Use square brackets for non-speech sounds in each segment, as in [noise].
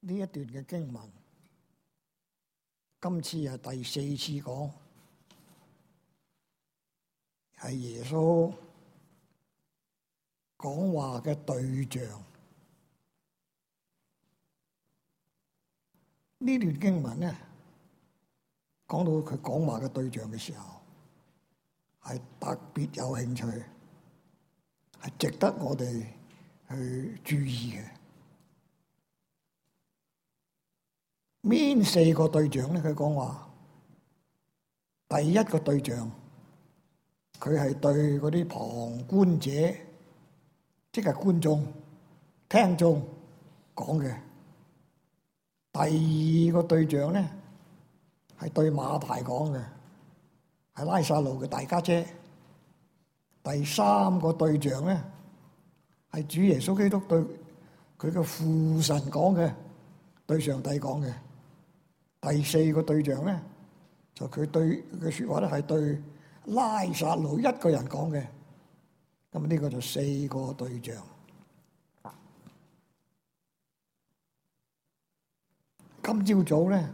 呢一段嘅經文，今次係第四次講係耶穌講話嘅對象。呢段經文呢，講到佢講話嘅對象嘅時候，係特別有興趣，係值得我哋去注意嘅。邊四個對象咧？佢講話：第一個對象，佢係對嗰啲旁觀者，即係觀眾、聽眾講嘅；第二個對象咧，係對馬大講嘅，係拉撒路嘅大家姐；第三個對象咧，係主耶穌基督對佢嘅父神講嘅，對上帝講嘅。第四個對象呢，就佢對佢説話咧，係對拉撒路一個人講嘅。咁呢個就四個對象。啊、今朝早呢，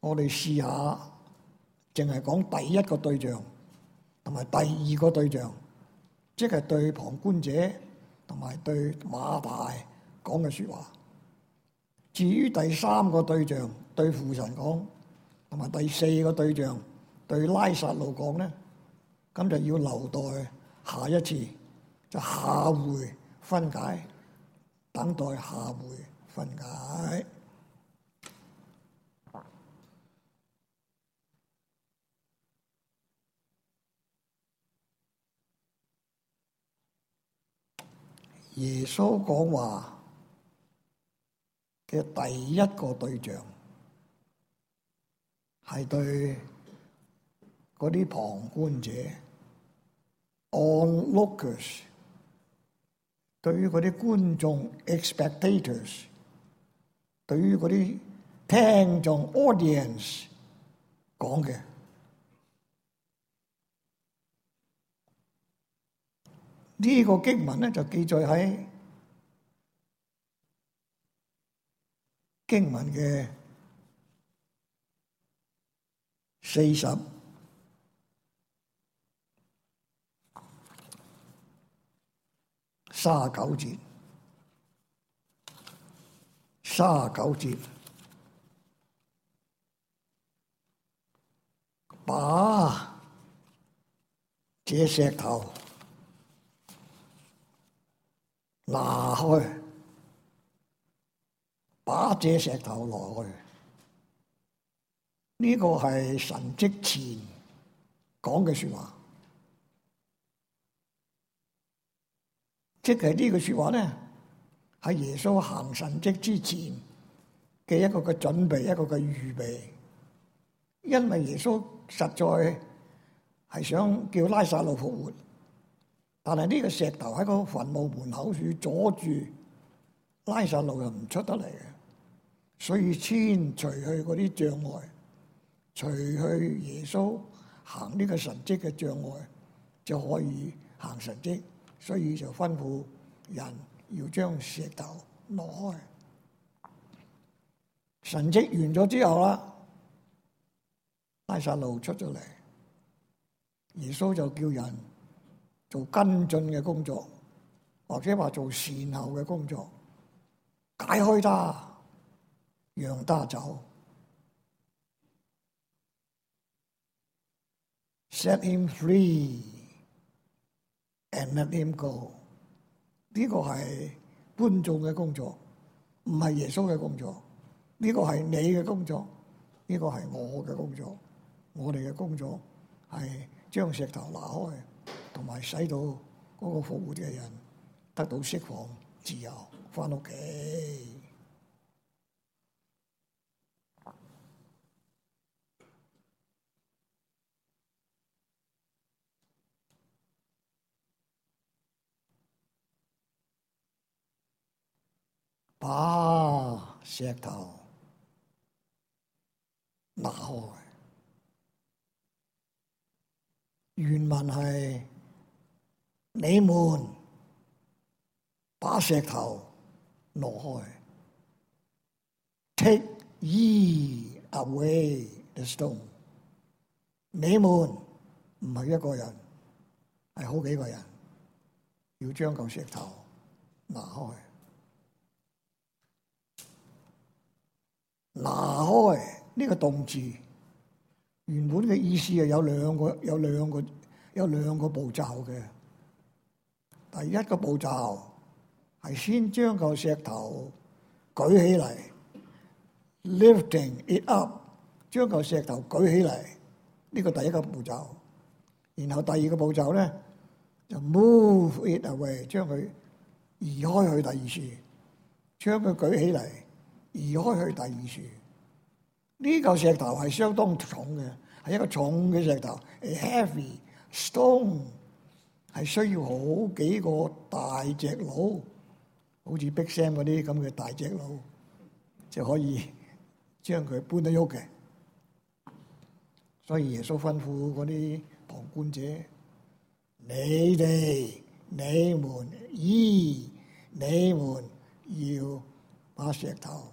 我哋試下淨係講第一個對象同埋第二個對象，即係對旁觀者同埋對馬大講嘅説話。至於第三個對象對父神講，同埋第四個對象對拉撒路講呢，咁就要留待下一次，就下回分解，等待下回分解。耶穌講話嘅第一個對象係對嗰啲旁觀者 （onlookers），對於嗰啲觀眾 （expectators），對於嗰啲聽眾 （audience） 講嘅呢個經文咧，就記載喺。經文嘅四十三九節，卅九節，把這石頭拿開。把這石頭落去，呢、這個係神蹟前講嘅說話。即係呢個說話咧，係耶穌行神蹟之前嘅一個嘅準備，一個嘅預備。因為耶穌實在係想叫拉撒路復活，但係呢個石頭喺個墳墓門口處阻住拉撒路又唔出得嚟嘅。所以，先除去嗰啲障礙，除去耶穌行呢個神蹟嘅障礙，就可以行神蹟。所以就吩咐人要將石頭挪開。神蹟完咗之後啦，拉撒路出咗嚟，耶穌就叫人做跟進嘅工作，或者話做善後嘅工作，解開他。讓他走，set him free and let him go。呢個係觀眾嘅工作，唔係耶穌嘅工作。呢、這個係你嘅工作，呢、這個係我嘅工作，我哋嘅工作係將石頭拿開，同埋使到嗰個復活嘅人得到釋放、自由，翻屋企。把石頭拿開，原文係你們把石頭挪開。Take ye away the stone。你們唔係一個人，係好幾個人要將嚿石頭拿開。拿開呢個動詞原本嘅意思係，有兩個，有兩個，有兩個步驟嘅。第一個步驟係先將嚿石頭舉起嚟，lifting it up，將嚿石頭舉起嚟，呢、這個第一個步驟。然後第二個步驟咧，就 move it away，將佢移開去第二處，將佢舉起嚟。移開去第二處，呢嚿石頭係相當重嘅，係一個重嘅石頭，A heavy stone，係需要好幾個大隻佬，好似 Big Sam 嗰啲咁嘅大隻佬，就可以將佢搬得喐嘅。所以耶穌吩咐嗰啲旁觀者：你哋、你們、咦，你們要把石頭。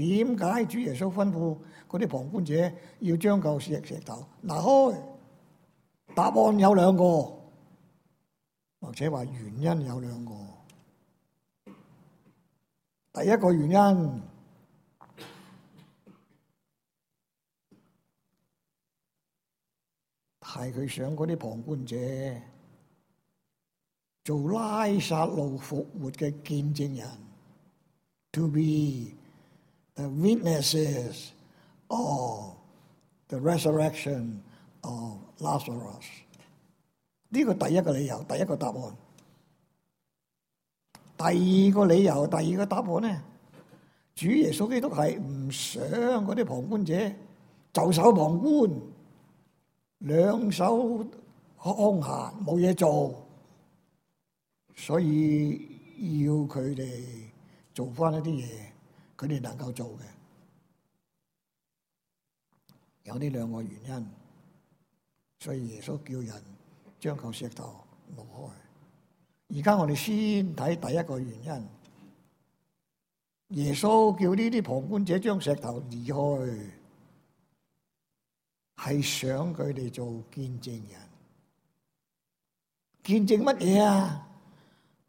點解主耶穌吩咐嗰啲旁觀者要將舊石石頭拿開？答案有兩個，或者話原因有兩個。第一個原因係佢想嗰啲旁觀者做拉撒路復活嘅見證人，to be。The witnesses of the resurrection of Lazarus. 呢個第一個理由，第一個答案。第二個理由，第二個答案咧，主耶穌基督係唔想嗰啲旁觀者袖手旁觀，兩手空閒冇嘢做，所以要佢哋做返一啲嘢。佢哋能夠做嘅有呢兩個原因，所以耶穌叫人將嚿石頭挪開。而家我哋先睇第一個原因，耶穌叫呢啲旁觀者將石頭移開，係想佢哋做見證人。見證乜嘢啊？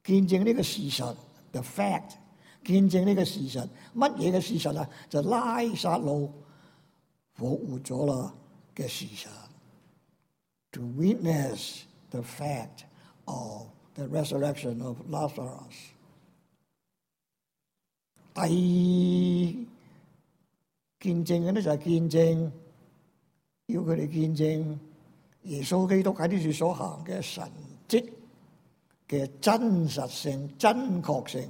見證呢個事實，the fact。見證呢個事實，乜嘢嘅事實啊？就拉撒路復活咗啦嘅事實。To witness the fact of the resurrection of Lazarus，第二，見證嘅呢就係見證，要佢哋見證耶穌基督喺呢處所行嘅神蹟嘅真實性、真確性。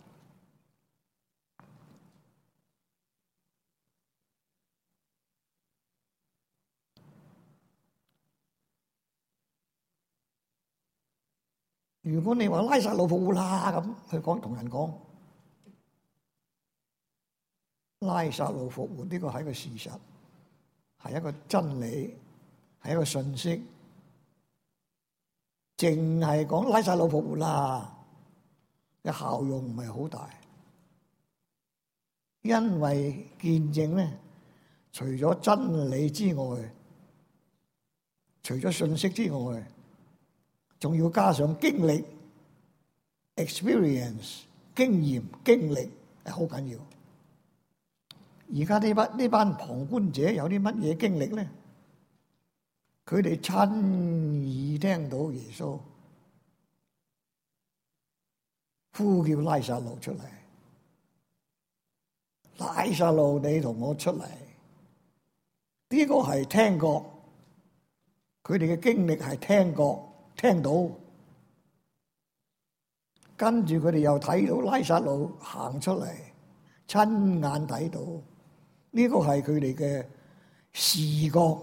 如果你話拉撒路復活啦咁，佢講同人講拉撒路復活呢個係一個事實，係一個真理，係一個信息。淨係講拉撒路復活啦，嘅效用唔係好大，因為見證咧，除咗真理之外，除咗信息之外。仲要加上經歷、experience、經驗、經歷係好緊要。而家呢班呢班旁觀者有啲乜嘢經歷咧？佢哋親耳聽到耶穌呼叫拉撒路出嚟，拉撒路，你同我出嚟。呢個係聽覺，佢哋嘅經歷係聽覺，聽到，跟住佢哋又睇到拉撒路行出嚟，親眼睇到，呢個係佢哋嘅視覺。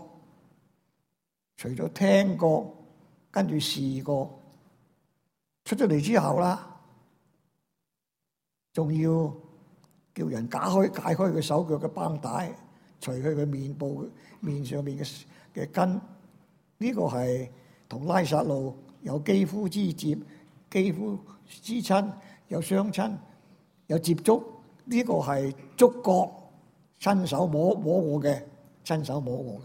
除咗聽覺，跟住視覺出咗嚟之後啦，仲要叫人解開解開佢手腳嘅繩帶，除去佢面部面上面嘅嘅筋。呢個係。同拉撒路有肌膚之接、肌膚之親，有相親、有接觸，呢、這個係觸覺，親手摸摸我嘅，親手摸我嘅。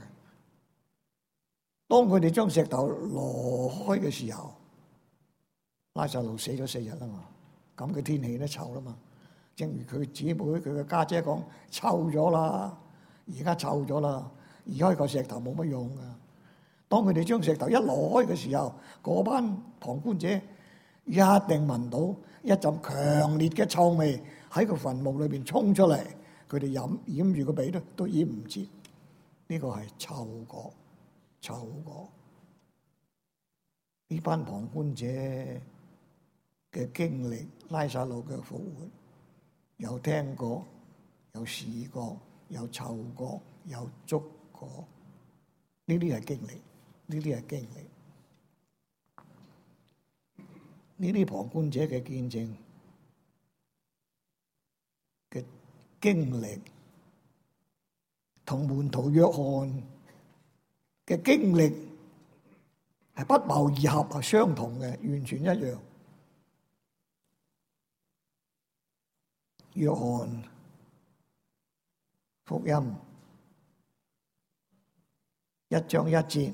當佢哋將石頭挪開嘅時候，拉撒路死咗四日啦嘛，咁嘅天氣都臭啦嘛，正如佢姊妹、佢嘅家姐講：臭咗啦，而家臭咗啦，移開個石頭冇乜用嘅。當佢哋將石頭一攞開嘅時候，嗰班旁觀者一定聞到一陣強烈嘅臭味喺個墳墓裏邊衝出嚟，佢哋掩掩住個鼻咧都掩唔住，呢個係臭過臭過。呢班旁觀者嘅經歷，拉撒路嘅復活，有聽過，有試過，有臭過，有捉過，呢啲係經歷。呢啲係經歷，呢啲旁觀者嘅見證嘅經歷，同門徒約翰嘅經歷係不謀而合，係相同嘅，完全一樣。約翰福音一章一節。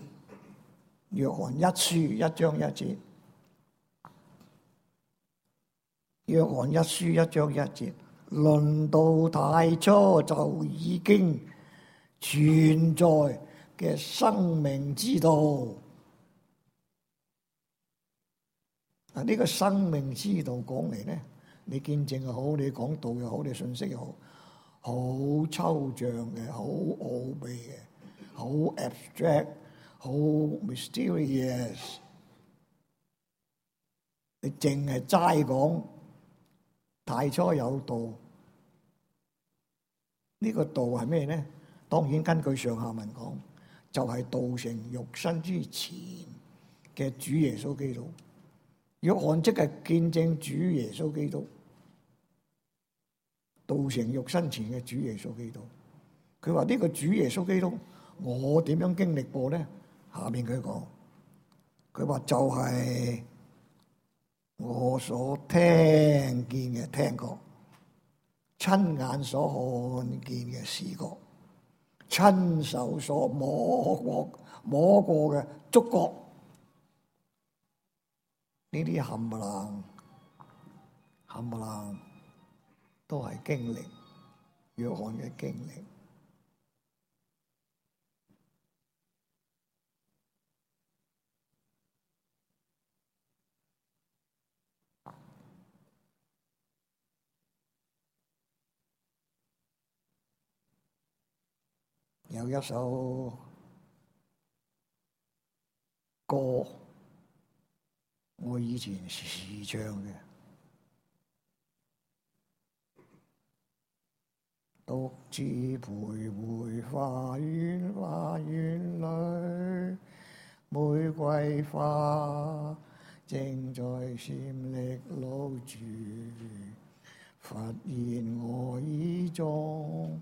約翰一書一章一節，約翰一書一章一節，論到太初就已經存在嘅生命之道。啊！呢個生命之道講嚟咧，你見證又好，你講道又好，你信息又好，好抽象嘅，好奧秘嘅，好 abstract。好、oh, mysterious！ [noise] 你淨係齋講太初有道，呢、呢個道係咩咧？當然根據上下文講，就係、係、道成肉身之前嘅主耶穌基督。約翰即係見證主耶穌基督道成肉身前嘅主耶穌基督。佢話：呢、呢個主耶穌基督，我點樣經歷過咧？下邊佢講，佢話就係我所聽見嘅聽覺、親眼所看見嘅視覺、親手所摸過、摸過嘅觸覺，呢啲冚唪唥、冚唪唥都係經歷，約翰嘅經歷。有一首歌，我以前是唱嘅。獨自徘徊花園，花園裏玫瑰花正在閃爍露珠，發現我已中。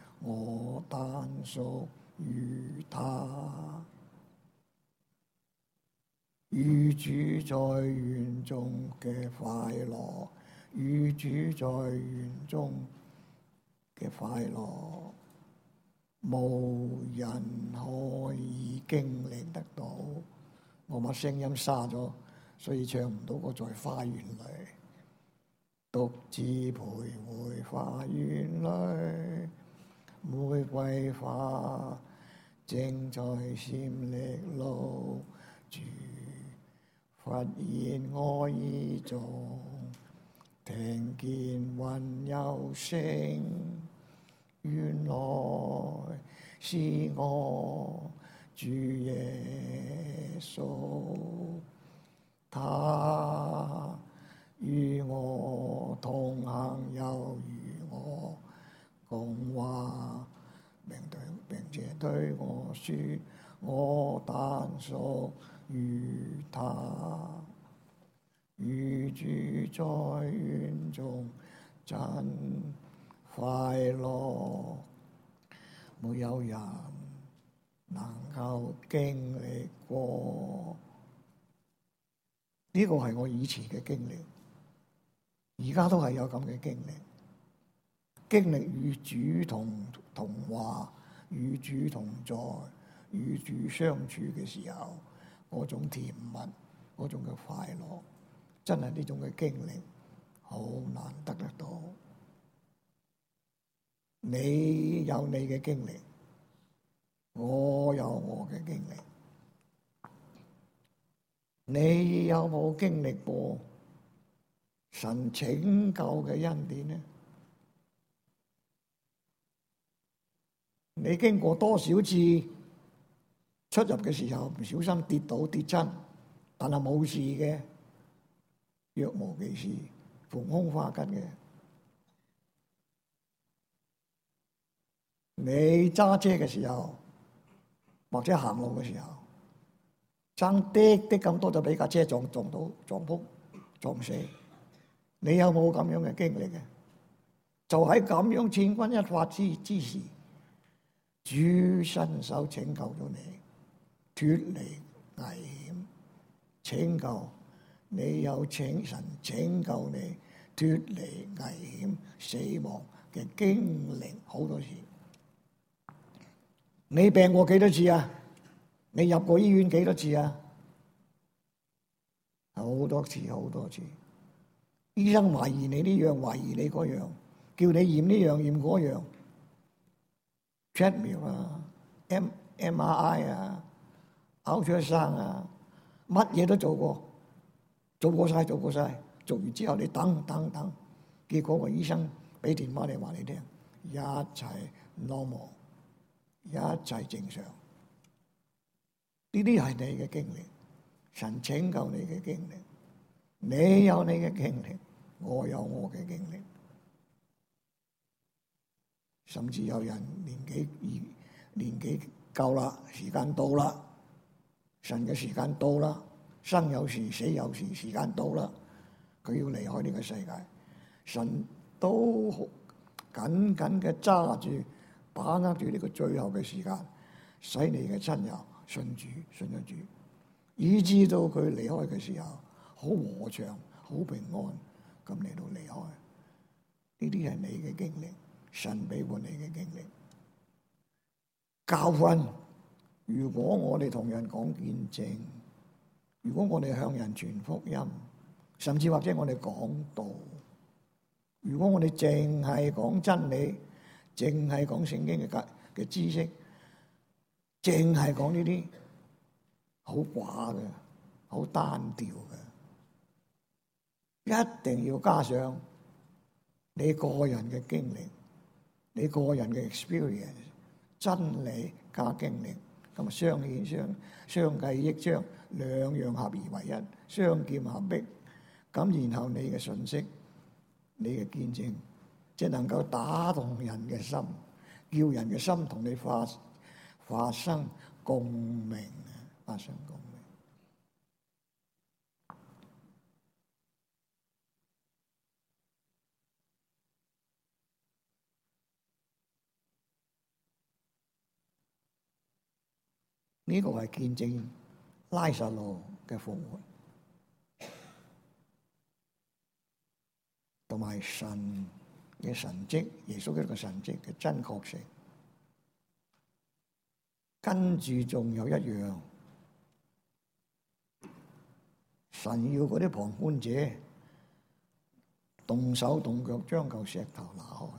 我單屬於他，與主在園中嘅快樂，與主在園中嘅快樂，無人可以經歷得到。我把聲音沙咗，所以唱唔到歌。我在花園裏，獨自徘徊花園裏。玫瑰花正在閃力露住，發現我已坐，聽見雲有聲，原來是我主耶穌，他與我同行又與我講話，並對且對我説：我但屬於他，如住在園中，真快樂。冇有人能夠經歷過。呢個係我以前嘅經歷，而家都係有咁嘅經歷。經歷與主同同話、與主同在、與主相處嘅時候，嗰種甜蜜，嗰種嘅快樂，真係呢種嘅經歷好難得得到。你有你嘅經歷，我有我嘅經歷。你有冇經歷過神拯救嘅恩典呢？你經過多少次出入嘅時候，唔小心跌倒跌親，但係冇事嘅，若無其事，逢凶化吉嘅。你揸車嘅時候，或者行路嘅時候，爭啲啲咁多就俾架車撞撞到撞撲撞,撞死，你有冇咁樣嘅經歷嘅？就喺咁樣千鈞一髮之之時。主伸手拯救咗你，脫離危險。拯救你有請神拯救你，脫離危險、死亡嘅經歷好多次。你病過幾多次啊？你入過醫院幾多次啊？好多次，好多次。醫生懷疑你呢樣，懷疑你嗰樣，叫你驗呢樣，驗嗰樣。一秒啊，M MRI 啊，ultrasound 啊，乜嘢都做過，做過晒，做過晒，做完之後你等等等，等，結果個醫生俾電話你話你聽，一切 normal，一切正常，呢啲係你嘅經歷，神拯救你嘅經歷，你有你嘅經歷，我有我嘅經歷。甚至有人年紀年紀夠啦，時間到啦，神嘅時間到啦，生有時死有時，時間到啦，佢要離開呢個世界。神都緊緊嘅揸住，把握住呢個最後嘅時間，使你嘅親友信主，信咗主，以至到佢離開嘅時候，好和暢，好平安咁你都離開。呢啲係你嘅經歷。神俾我你嘅經歷教訓。如果我哋同人講見證，如果我哋向人傳福音，甚至或者我哋講道，如果我哋淨係講真理，淨係講聖經嘅嘅知識，淨係講呢啲好寡嘅、好單調嘅，一定要加上你個人嘅經歷。你個人嘅 experience，真理加經歷，咁相顯相相繼益彰，兩樣合而為一，相劍合璧，咁然後你嘅信息，你嘅見證，即係能夠打動人嘅心，叫人嘅心同你發發生共鳴啊發生共鳴。呢個係見證拉撒路嘅復活，同埋神嘅神蹟，耶穌嘅個神蹟嘅真確性。跟住仲有一樣，神要嗰啲旁觀者動手動腳將嚿石頭拿開。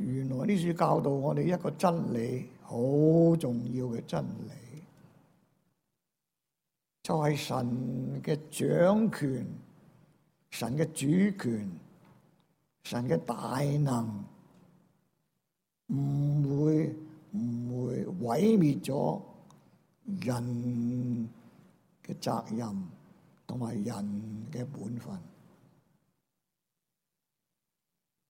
原來呢次教導我哋一個真理，好重要嘅真理，就係神嘅掌權，神嘅主權，神嘅大能，唔會唔會毀滅咗人嘅責任同埋人嘅本分。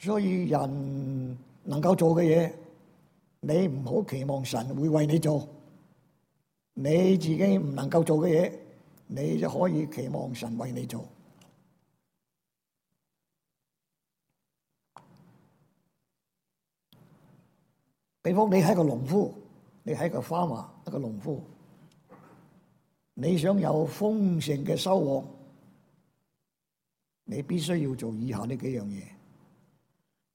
所以人能夠做嘅嘢，你唔好期望神會為你做；你自己唔能夠做嘅嘢，你就可以期望神為你做。比方你係個農夫，你係個 farmer，一個農夫，你想有豐盛嘅收穫，你必須要做以下呢幾樣嘢。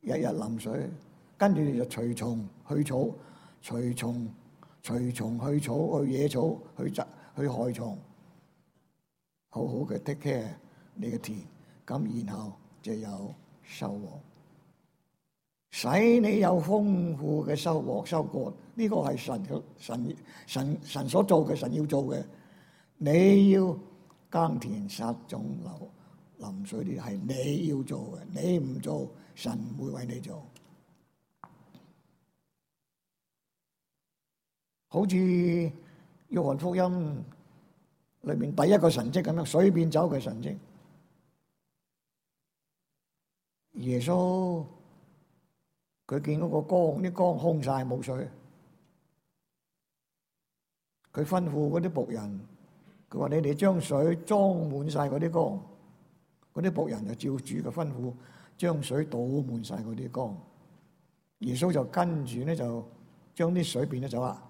日日淋水，跟住就除蟲去草，除蟲除蟲去草去野草去雜去害蟲，好好嘅 take care 你嘅田，咁然後就有收穫，使你有豐富嘅收穫收割。呢、這個係神神神神，神所做嘅，神要做嘅，你要耕田殺腫流。淋水啲係你要做嘅，你唔做神會為你做。好似《約翰福音》裏邊第一個神跡咁樣，水變酒嘅神跡。耶穌佢見嗰個缸，啲缸空晒冇水，佢吩咐嗰啲僕人，佢話你哋將水裝滿晒嗰啲缸。嗰啲僕人就照主嘅吩咐，將水倒滿晒嗰啲缸。耶穌就跟住咧就將啲水變咗酒啦，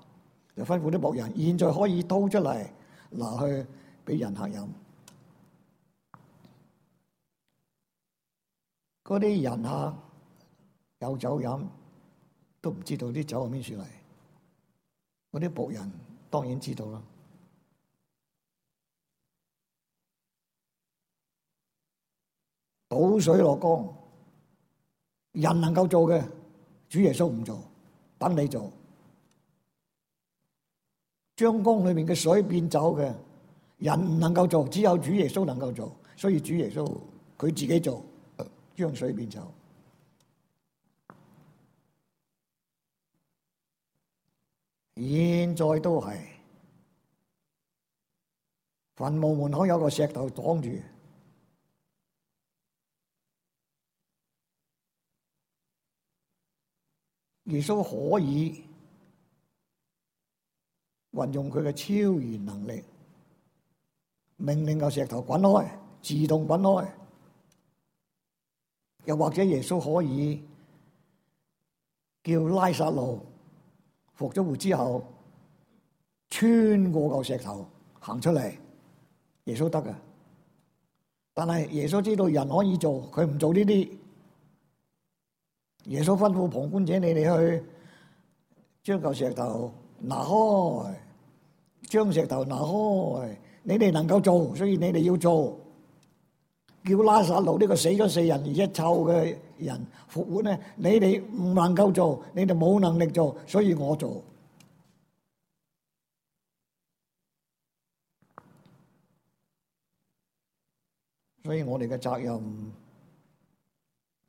就吩咐啲僕人：現在可以掏出嚟，拿去俾人客飲。嗰啲人客有酒飲，都唔知道啲酒係邊處嚟。嗰啲僕人當然知道啦。倒水落缸，人能夠做嘅，主耶穌唔做，等你做。將缸裏面嘅水變酒嘅，人唔能夠做，只有主耶穌能夠做，所以主耶穌佢自己做，呃、將水變酒。現在都係墳墓門口有個石頭擋住。耶穌可以運用佢嘅超然能力，命令嚿石頭滾開，自動滾開。又或者耶穌可以叫拉撒路復咗活之後，穿過嚿石頭行出嚟。耶穌得㗎，但係耶穌知道人可以做，佢唔做呢啲。耶穌吩咐旁觀者：你哋去將嚿石頭拿開，將石頭拿開。你哋能夠做，所以你哋要做。叫拉撒路呢個死咗四日而一臭嘅人復活咧，你哋唔能夠做，你哋冇能力做，所以我做。所以我哋嘅責任，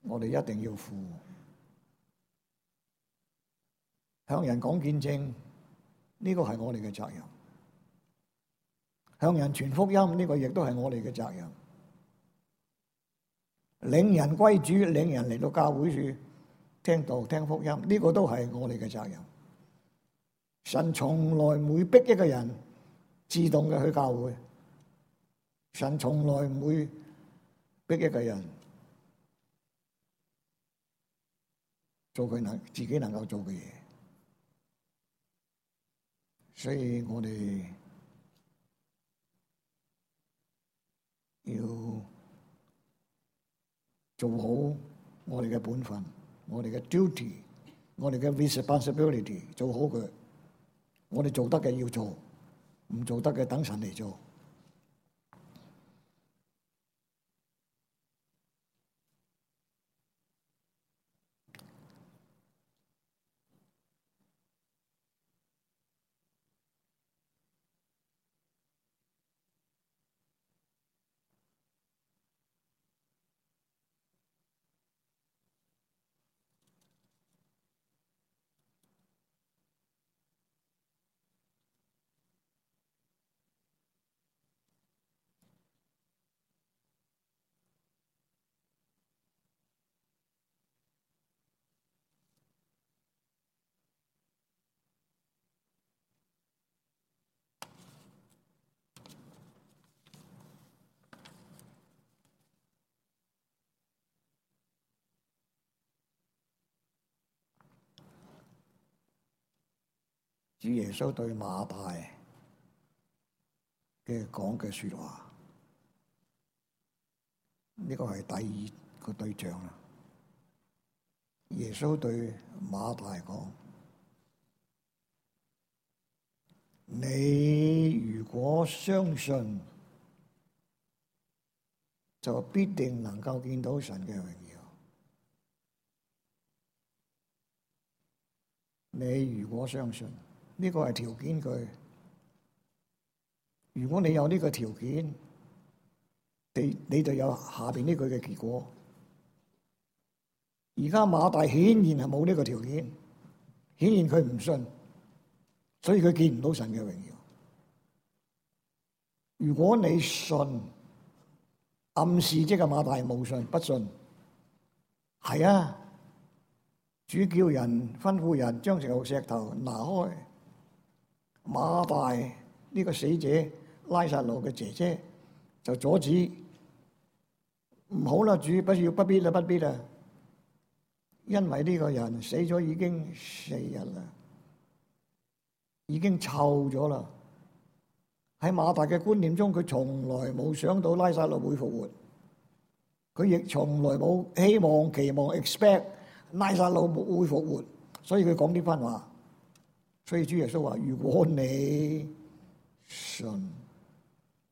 我哋一定要負。向人講見證，呢個係我哋嘅責任；向人傳福音，呢個亦都係我哋嘅責任。領人歸主，領人嚟到教會處聽道、聽福音，呢個都係我哋嘅責任。神從來唔會逼一個人自動嘅去教會，神從來唔會逼一個人做佢能自己能夠做嘅嘢。所以我哋要做好我哋嘅本分，我哋嘅 duty，我哋嘅 responsibility 做好佢。我哋做得嘅要做，唔做得嘅等神嚟做。指耶穌對馬大嘅講嘅說話，呢個係第二個對象啦。耶穌對馬大講： [noise] 你如果相信，就必定能夠見到神嘅榮耀。你如果相信。呢個係條件句。如果你有呢個條件，你你就有下邊呢句嘅結果。而家馬大顯然係冇呢個條件，顯然佢唔信，所以佢見唔到神嘅榮耀。如果你信，暗示即係馬大冇信，不信，係啊，主叫人吩咐人將成個石頭拿開。馬大呢、這個死者拉薩魯嘅姐姐就阻止，唔好啦，主不要不必啦，不必啦，因為呢個人死咗已經四日啦，已經臭咗啦。喺馬大嘅觀念中，佢從來冇想到拉薩魯會復活，佢亦從來冇希望期望 expect 拉薩魯會復活，所以佢講呢番話。所以主耶穌話：如果你信，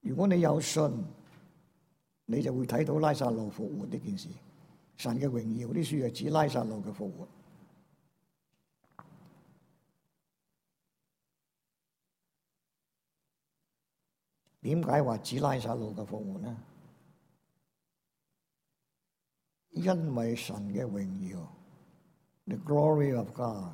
如果你有信，你就會睇到拉撒路復活呢件事。神嘅榮耀，呢書係指拉撒路嘅復活。點解話指拉撒路嘅復活呢？因為神嘅榮耀，the glory of God。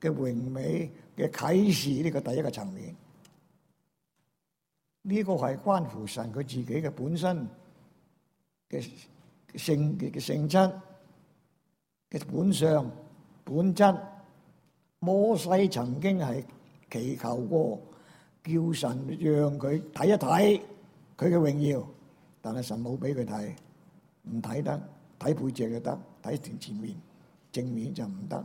嘅榮美嘅啟示，呢個第一個層面，呢個係關乎神佢自己嘅本身嘅性嘅性質嘅本相本質。摩西曾經係祈求過，叫神讓佢睇一睇佢嘅榮耀，但係神冇俾佢睇，唔睇得，睇背脊就得，睇前前面正面就唔得。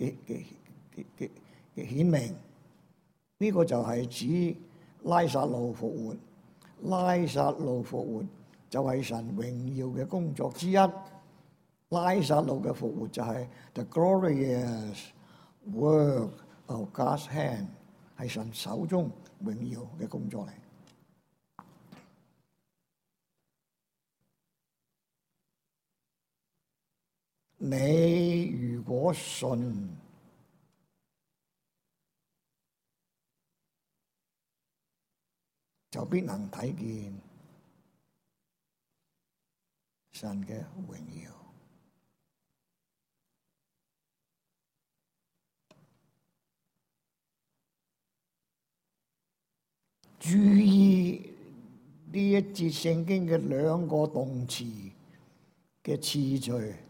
嘅嘅嘅嘅嘅顯明，呢個就係指拉撒路復活，拉撒路復活就係神榮耀嘅工作之一，拉撒路嘅復活就係 The glorious work of God's hand，係神手中榮耀嘅工作嚟。你如果信，就必能睇見神嘅榮耀。注意呢一節聖經嘅兩個動詞嘅次序。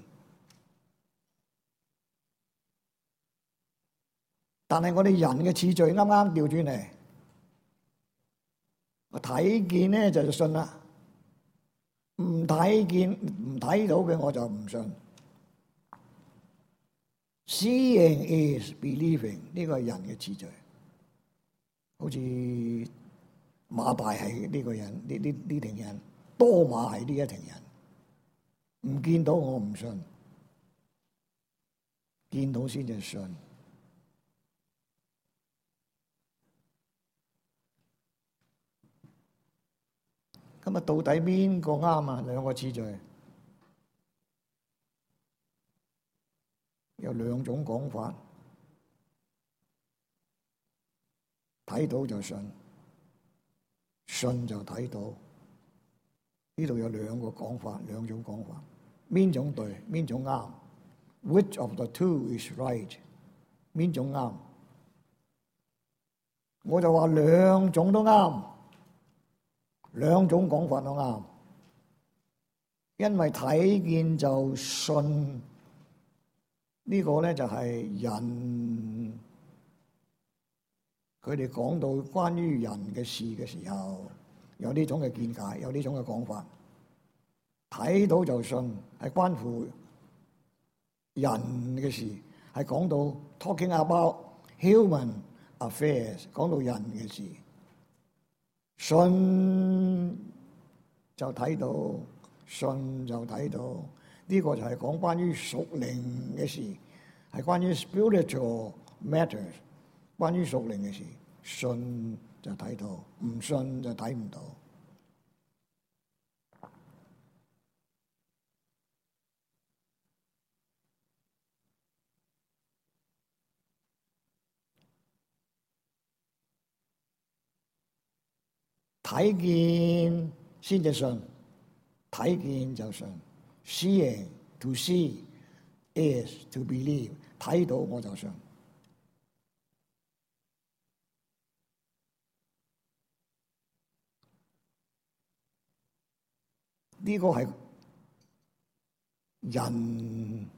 但係我哋人嘅次序啱啱調轉嚟，我睇見咧就信啦，唔睇見唔睇到嘅我就唔信。Seeing is believing 呢個係人嘅次序，好似馬拜係呢個人呢，呢呢群人，多馬係呢一群人，唔見到我唔信，見到先就信。咁啊，到底邊個啱啊？兩個次序有兩種講法，睇到就信，信就睇到。呢度有兩個講法，兩種講法，邊種對，邊種啱？Which of the two is right？邊種啱？我就話兩種都啱。兩種講法都啱，因為睇見就信，呢個咧就係人。佢哋講到關於人嘅事嘅時候，有呢種嘅見解，有呢種嘅講法。睇到就信，係關乎人嘅事，係講到 talking about human affairs，講到人嘅事。信就睇到，信就睇到，呢個就係講關於屬靈嘅事，係關於 spiritual matters，關於屬靈嘅事，信就睇到，唔信就睇唔到。睇見先至信，睇見就信，seeing to see is to believe，睇到我就信。呢、這個係人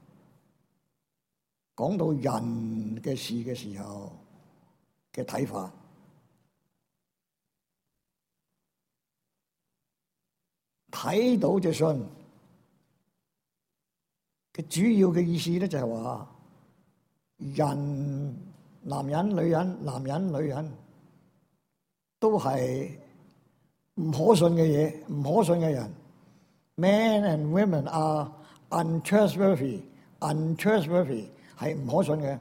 講到人嘅事嘅時候嘅睇法。睇到就信，佢主要嘅意思咧就係話，人、男人、女人、男人、女人都係唔可信嘅嘢，唔可信嘅人。Men and women are untrustworthy, untrustworthy 係唔可信嘅，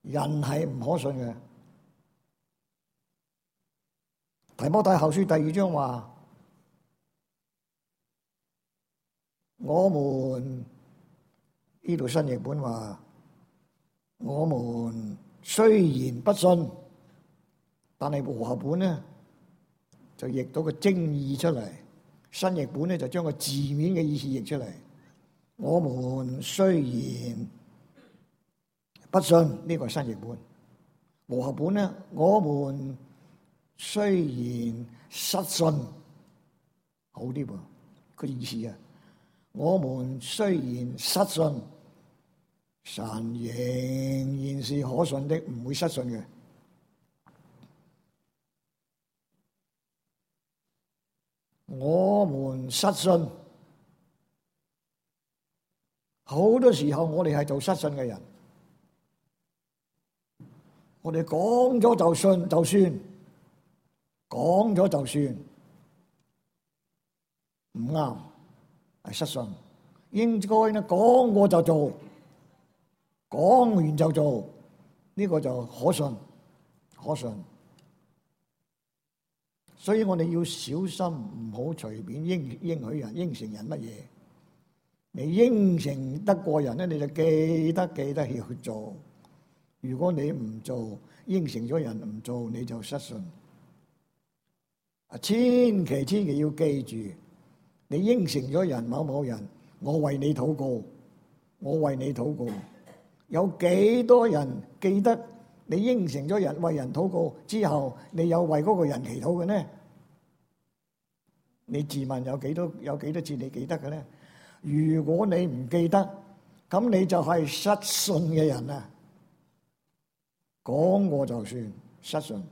人係唔可信嘅。提摩太後書第二章話。我們呢度新譯本話：我們雖然不信，但係和合本咧就譯到個精義出嚟。新譯本咧就將個字面嘅意思譯出嚟。我們雖然不信呢個係新譯本，和合本咧我們雖然失信，好啲喎、啊，個意思啊！我們雖然失信，神仍然是可信的，唔會失信嘅。我們失信，好多時候我哋係做失信嘅人，我哋講咗就信，就算講咗就算唔啱。係失信，應該咧講我就做，講完就做，呢個就可信，可信。所以我哋要小心，唔好隨便應應許人，應承人乜嘢？你應承得過人咧，你就記得記得去去做。如果你唔做，應承咗人唔做，你就失信。啊，千祈千祈要記住。你應承咗人某某人，我為你禱告，我為你禱告。有幾多人記得你應承咗人為人禱告之後，你有為嗰個人祈禱嘅呢？你自問有幾多有幾多次你記得嘅呢？如果你唔記得，咁你就係失信嘅人啊！講過就算失信，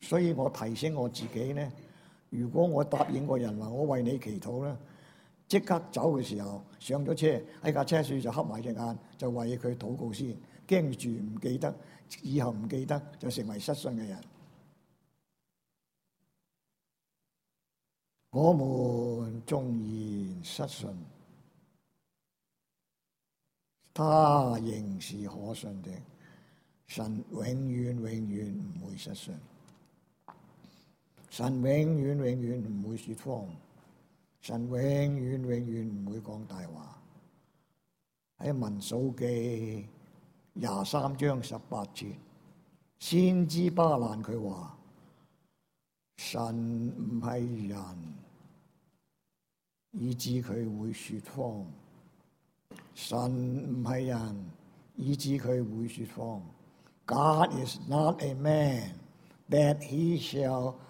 所以我提醒我自己呢。如果我答應個人話我為你祈禱咧，即刻走嘅時候上咗車喺架車度就瞌埋隻眼就為佢禱告先，驚住唔記得，以後唔記得就成為失信嘅人。我們縱然失信，他仍是可信的。神永遠永遠唔會失信。神永遠永遠唔會説謊，神永遠永遠唔會講大話。喺民數記廿三章十八節，先知巴蘭佢話，神唔係人，以致佢會説謊。神唔係人，以致佢會説謊。God is not a man that he shall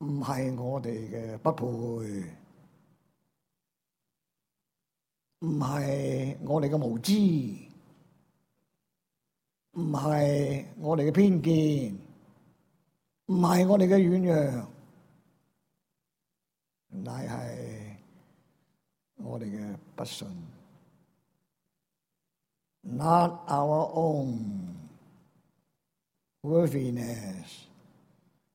唔係我哋嘅不配，唔係我哋嘅無知，唔係我哋嘅偏見，唔係我哋嘅軟弱，乃係我哋嘅不信。Not our own worthiness。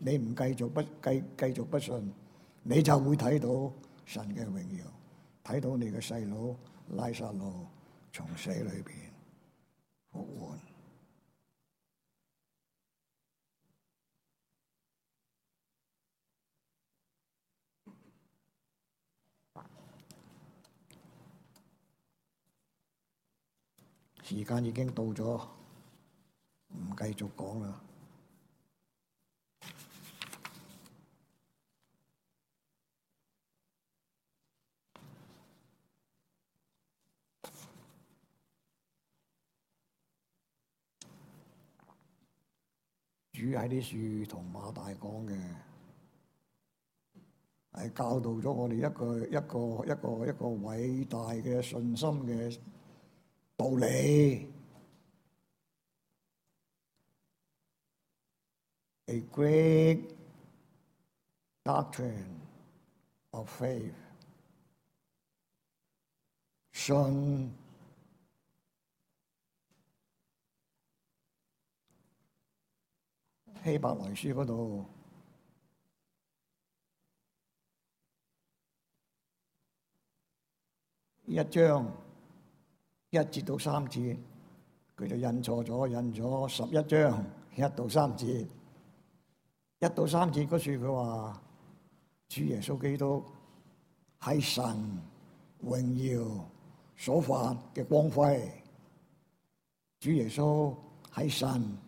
你唔繼續不繼繼續不信，你就會睇到神嘅榮耀，睇到你嘅細佬拉撒路從死裏邊復活。時間已經到咗，唔繼續講啦。主喺啲樹同馬大講嘅，係教導咗我哋一個一個一個一個偉大嘅信心嘅道理，The Great Doctrine of Faith，信。希伯來書嗰度一章一節到三節，佢就印錯咗，印咗十一章一到三節。一到三節嗰處佢話：主耶穌基督係神榮耀所發嘅光輝，主耶穌係神。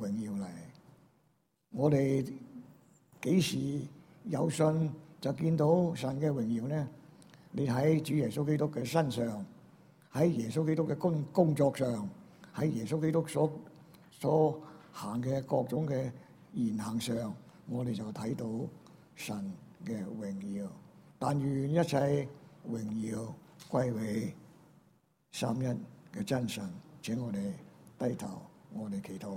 榮耀嚟，我哋幾時有信就見到神嘅榮耀呢？你喺主耶穌基督嘅身上，喺耶穌基督嘅工工作上，喺耶穌基督所所行嘅各種嘅言行上，我哋就睇到神嘅榮耀。但願一切榮耀歸於三一嘅真神，請我哋低頭，我哋祈禱。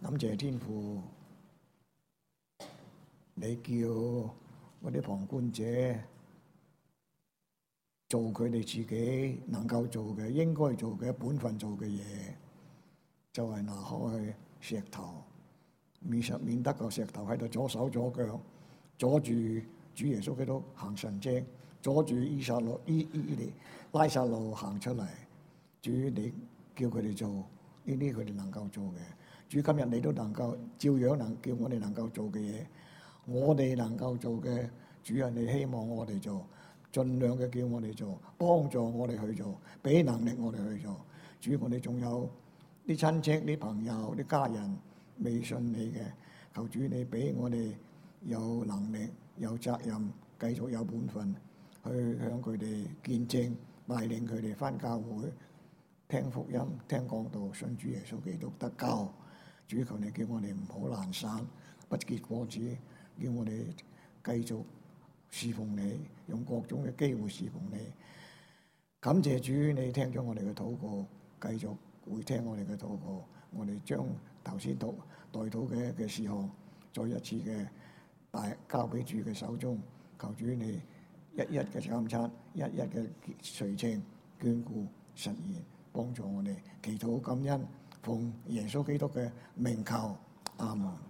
感謝天父，你叫嗰啲旁觀者做佢哋自己能夠做嘅、應該做嘅、本分做嘅嘢，就係、是、拿開石頭，免石免得個石頭喺度左手左腳阻住主耶穌喺度行神跡，阻住伊撒路伊伊嚟拉撒路行出嚟。主，你叫佢哋做呢啲，佢哋能夠做嘅。主今日你都能夠，照樣能叫我哋能夠做嘅嘢，我哋能夠做嘅，主啊！你希望我哋做，儘量嘅叫我哋做，幫助我哋去做，俾能力我哋去做。主，我哋仲有啲親戚、啲朋友、啲家人未信你嘅，求主你俾我哋有能力、有責任，繼續有本分去向佢哋見證，帶領佢哋翻教會聽福音、聽講道、信主耶穌基督得救。主求你叫我哋唔好懶散，不結果子，叫我哋繼續侍奉你，用各種嘅機會侍奉你。感謝主，你聽咗我哋嘅禱告，繼續會聽我哋嘅禱告。我哋將頭先禱代禱嘅嘅事項，再一次嘅，交俾主嘅手中。求主你一一嘅監察，一一嘅垂青眷顧實現幫助我哋，祈禱感恩。奉耶穌基督嘅名求，阿門。